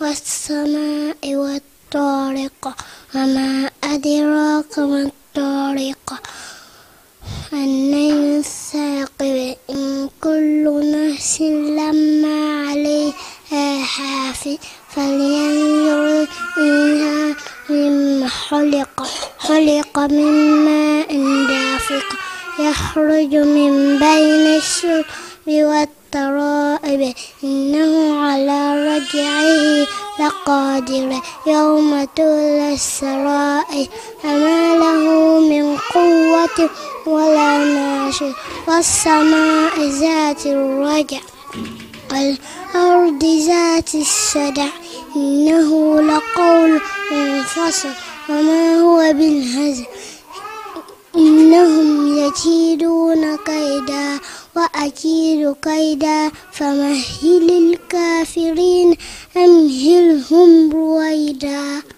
والسماء والطارق وما أدراك ما الطارق النيل الثاقب إن كل نفس لما عليها حافظ فلينظر إليها مما خلق خلق من ماء دافق يخرج من بين الشرق والترائب إنه على رجعه لقادر يوم تولى السرائر فما له من قوة ولا ناشر والسماء ذات الرجع والأرض ذات الصدع إنه لقول منفصل وما هو بالهزل إنهم يكيدون كيدا وأكيد كيدا فمهل الكافرين أمهلهم رويدا